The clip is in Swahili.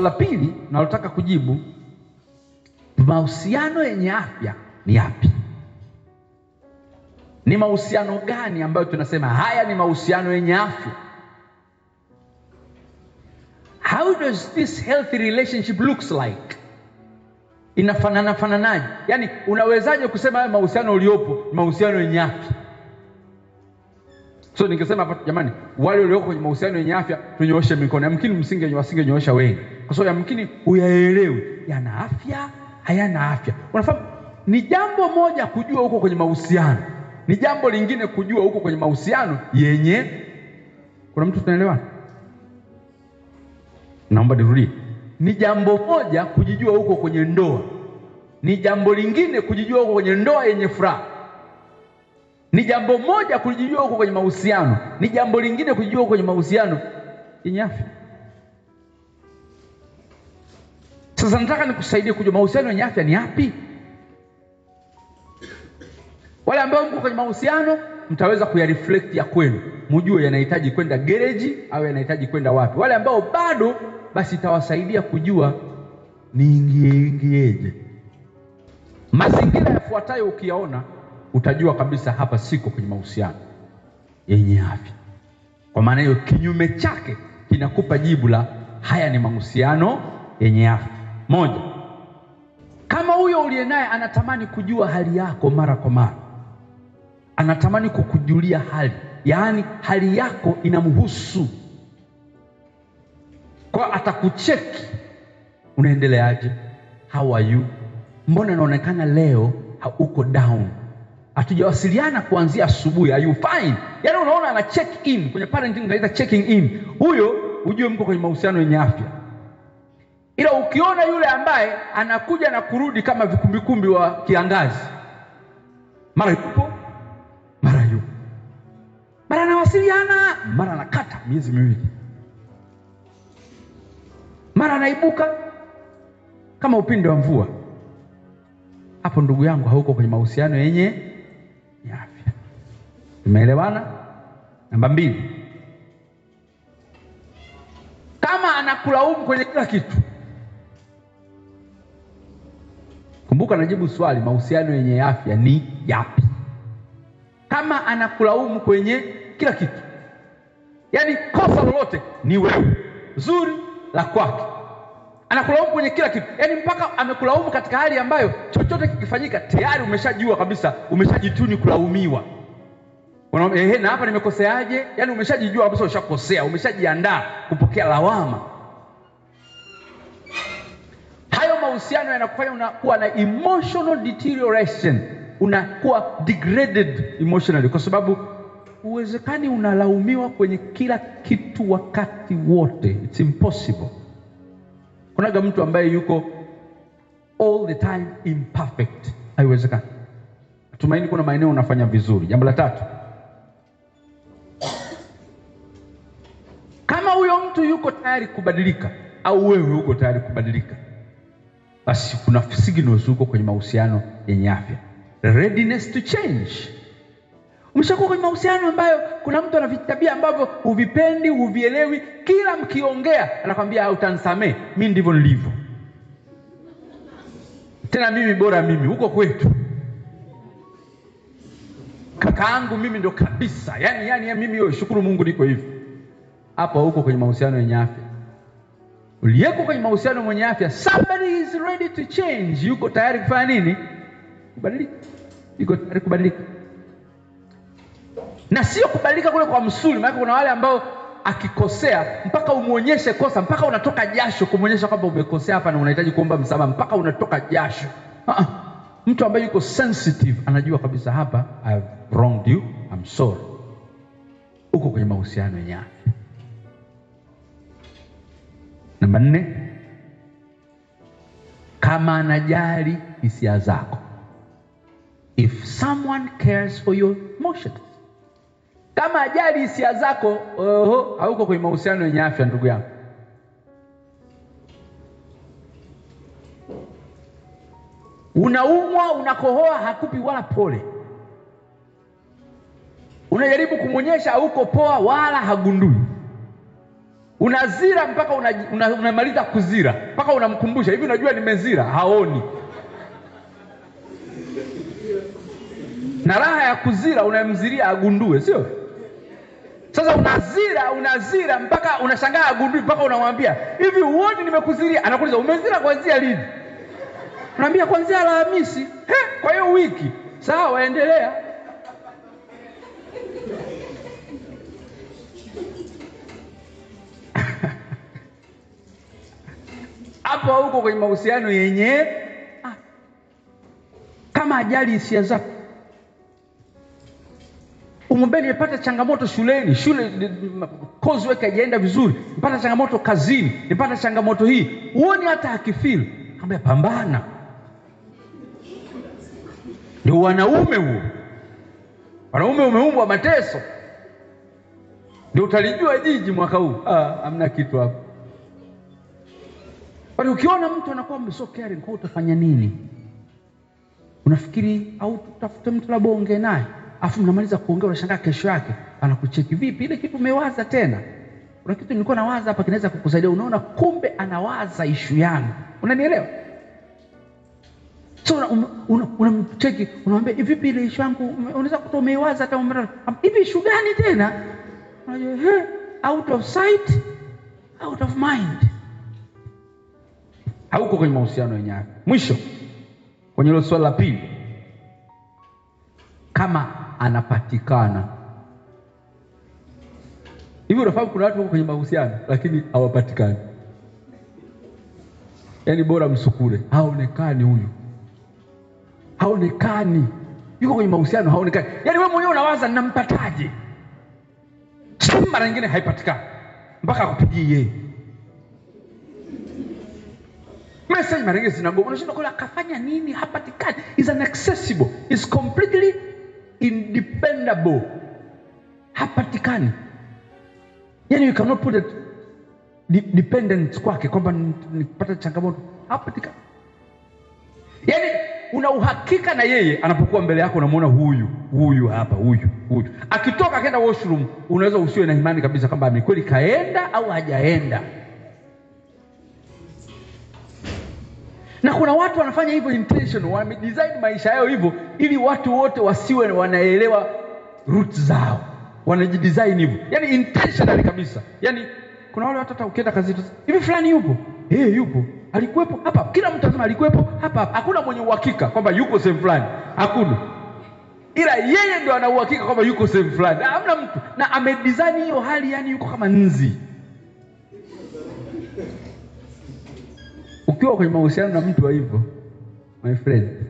swali la pili nalotaka kujibu, mahusiano yenye afya ni yapi? Ni mahusiano gani ambayo tunasema haya ni mahusiano yenye afya? How does this healthy relationship looks like? Inafanana fananaje? Yaani, unawezaje kusema haya mahusiano uliopo mahusiano yenye afya? So ningesema hapa, jamani, wale walioko kwenye mahusiano yenye afya tunyooshe mikono. Yamkini msinge wengi kwa sababu yamkini uyaelewe, yana afya hayana afya. Unafahamu, ni jambo moja kujua huko kwenye mahusiano, ni jambo lingine kujua huko kwenye mahusiano yenye. Kuna mtu tunaelewana? Naomba nirudie, ni jambo moja kujijua huko kwenye ndoa, ni jambo lingine kujijua huko kwenye ndoa yenye furaha ni jambo moja kujijua huko kwenye mahusiano, ni jambo lingine kujijua huko kwenye mahusiano yenye afya. Sasa nataka nikusaidie kujua mahusiano yenye afya ni yapi. Wale ambao mko kwenye mahusiano mtaweza kuyareflect ya kwenu, mjue yanahitaji kwenda gereji au yanahitaji kwenda wapi. Wale ambao bado, basi itawasaidia kujua niingieingieje Mazingira yafuatayo ukiyaona utajua kabisa, hapa siko kwenye mahusiano yenye afya. Kwa maana hiyo, kinyume chake kinakupa jibu la haya ni mahusiano yenye afya. Moja, kama huyo uliye naye anatamani kujua hali yako mara kwa mara, anatamani kukujulia hali, yaani hali yako inamhusu, kwa atakucheki, unaendeleaje? How are you? Mbona inaonekana leo hauko down, hatujawasiliana kuanzia asubuhi, are you fine? Yaani unaona ana check in kwenye parenting, unaita checking in. Huyo ujue mko kwenye mahusiano yenye afya ila ukiona yule ambaye anakuja na kurudi kama vikumbikumbi wa kiangazi, mara yupo mara yupo, mara anawasiliana, mara anakata miezi miwili, mara anaibuka kama upinde wa mvua, hapo ndugu yangu, hauko kwenye mahusiano yenye afya. imeelewana Namba mbili, kama anakulaumu kwenye kila kitu Kumbuka najibu swali, mahusiano yenye afya ni yapi? Kama anakulaumu kwenye kila kitu, yaani kosa lolote ni wewe, zuri la kwake, anakulaumu kwenye kila kitu, yaani mpaka amekulaumu katika hali ambayo chochote kikifanyika tayari umeshajua kabisa, umeshajituni kulaumiwa. Ehe, na hapa nimekoseaje? Yaani umeshajijua kabisa, ushakosea, umeshajiandaa kupokea lawama. mahusiano yanakufanya unakuwa na emotional deterioration, unakuwa degraded emotionally, kwa sababu uwezekani unalaumiwa kwenye kila kitu wakati wote, it's impossible. Kunaga mtu ambaye yuko all the time imperfect, haiwezekani. Natumaini kuna maeneo unafanya vizuri. Jambo la tatu, kama huyo mtu yuko tayari kubadilika au wewe uko tayari kubadilika basi kuna signals huko kwenye mahusiano yenye afya. Readiness to change. Umeshakuwa kwenye mahusiano ambayo kuna mtu ana vitabia ambavyo huvipendi, huvielewi, kila mkiongea anakwambia utanisamee, mi ndivyo nilivyo, tena mimi bora mimi huko kwetu kakaangu mimi ndo kabisa, yani yani yaani, mimi shukuru Mungu niko hivi. Hapo huko kwenye mahusiano yenye afya uliyeko kwenye mahusiano mwenye afya, somebody is ready to change, yuko tayari kufanya nini? Kubadilika, yuko tayari kubadilika, na sio kubadilika kule kwa msuli. Maana kuna wale ambao akikosea mpaka umwonyeshe kosa, mpaka unatoka jasho kumwonyesha kwamba umekosea hapa na unahitaji kuomba msamaha, mpaka unatoka jasho. Mtu ambaye yuko sensitive anajua kabisa hapa, I have wronged you, I'm sorry. Uko kwenye mahusiano yenye afya. Namba nne, kama anajali hisia zako, if someone cares for your emotions. Kama ajali hisia zako, oho, hauko kwenye mahusiano yenye afya, ndugu yangu. Unaumwa, unakohoa, hakupi wala pole. Unajaribu kumwonyesha hauko poa, wala hagundui unazira mpaka unamaliza una, una kuzira mpaka unamkumbusha hivi, unajua nimezira, haoni. Na raha ya kuzira unamziria agundue, sio? Sasa unazira unazira mpaka unashangaa agundui, mpaka unamwambia hivi, uoni nimekuziria? Anakuuliza umezira kuanzia lini? Unaambia kuanzia Alhamisi. He, kwa hiyo wiki. Sawa, endelea. hapo huko kwenye mahusiano yenye kama ajali hisia zako. Umwambie nimepata changamoto shuleni, shule kozi haijaenda vizuri, nipata changamoto kazini, nipata changamoto hii, huoni hata akifili, ambia pambana, ndio wanaume huo. Wanaume umeumbwa mateso, ndio utalijua jiji mwaka huu. Ah, hamna kitu hapo. Bali ukiona mtu anakuwa so caring, kwa utafanya nini? Unafikiri au tutafute mtu labda uongee naye, afu mnamaliza kuongea, unashangaa kesho yake anakucheki vipi, ile kitu umewaza tena. Kuna kitu nilikuwa nawaza hapa kinaweza kukusaidia, unaona kumbe anawaza ishu yangu, unanielewa? So unamcheki una, una unamwambia hivi, eh, vipi ile ishu yangu unaweza kuta umeiwaza hata hivi, ishu gani tena? Unajua, eh, out of sight out of mind hauko kwenye mahusiano yenye afya. Mwisho kwenye hilo swali la pili, kama anapatikana hivi, unafahamu kuna watu wako kwenye mahusiano lakini hawapatikani, yaani bora msukule, haonekani huyu, haonekani yuko kwenye mahusiano haonekani, yaani wewe mwenyewe unawaza ninampataje? Mara nyingine haipatikani mpaka akupigie yeye message mara nyingi zinagoma. unashinda kwa akafanya nini? Hapatikani, is inaccessible, is completely independable, hapatikani. Yani you cannot put it dependent kwake kwamba nipata changamoto hapatikani. Yani una uhakika na yeye anapokuwa mbele yako, unamwona huyu huyu hapa, huyu huyu. Akitoka akaenda washroom, unaweza usiwe na imani kabisa kwamba ni kweli kaenda au hajaenda. na kuna watu wanafanya hivyo intentional, wamedesign maisha yao hivyo ili watu wote wasiwe wanaelewa root zao, wanajidesign hivyo, yaani intentionally kabisa. Yaani kuna wale watu hata ukienda kazini hivi, fulani yupo eh, hey, yupo alikuwepo hapa, kila mtu anasema alikuwepo hapa hapa. Hakuna mwenye uhakika kwamba yuko sehemu fulani, hakuna, ila yeye ndo ana uhakika kwamba yuko sehemu fulani. Hamna mtu na amedesign hiyo hali, yani yuko kama nzi. Ukiwa kwenye mahusiano na mtu wa hivyo, my friend,